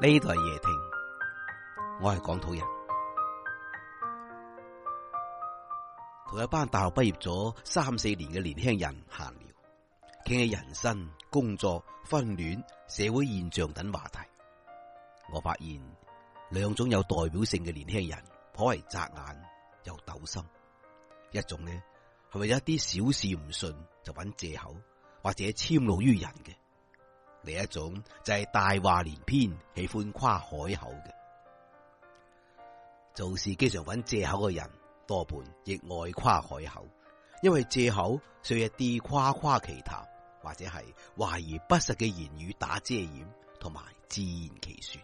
呢度係夜聽，我係港土人，同一班大學畢業咗三四年嘅年輕人閒聊，傾起人生、工作、婚戀、社會現象等話題。我發現兩種有代表性嘅年輕人，頗為扎眼又鬥心。一種呢，係咪一啲小事唔順就揾借口，或者遷怒於人嘅？另一種就係、是、大話連篇，喜歡誇海口嘅，做事經常揾借口嘅人，多半亦愛誇海口，因為借口需要一啲誇誇其談或者係懷疑不實嘅言語打遮掩，同埋自圓其說。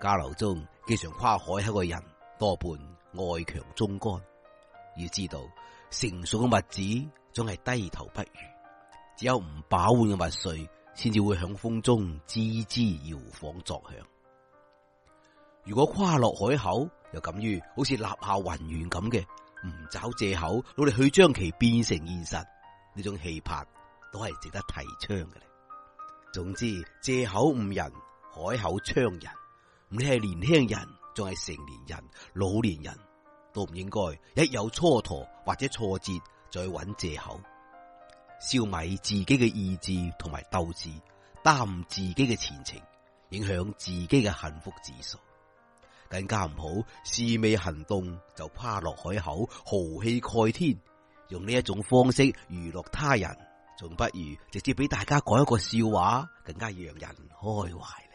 交流中經常誇海口嘅人，多半外強中乾，要知道成熟嘅麥子總係低頭不語，只有唔飽滿嘅麥穗。穗。先至會響風中吱吱搖晃作響。如果跨落海口，又敢於好似立下宏願咁嘅，唔找借口努力去將其變成現實，呢種氣魄都係值得提倡嘅。總之，借口誤人，海口傷人。唔理係年輕人，仲係成年人、老年人，都唔應該一有蹉跎或者挫折，再揾借口。消磨自己嘅意志同埋鬥志，耽誤自己嘅前程，影響自己嘅幸福指數。更加唔好係未行動就趴落海口，豪氣蓋天，用呢一種方式娛樂他人，仲不如直接俾大家講一個笑話，更加讓人開懷。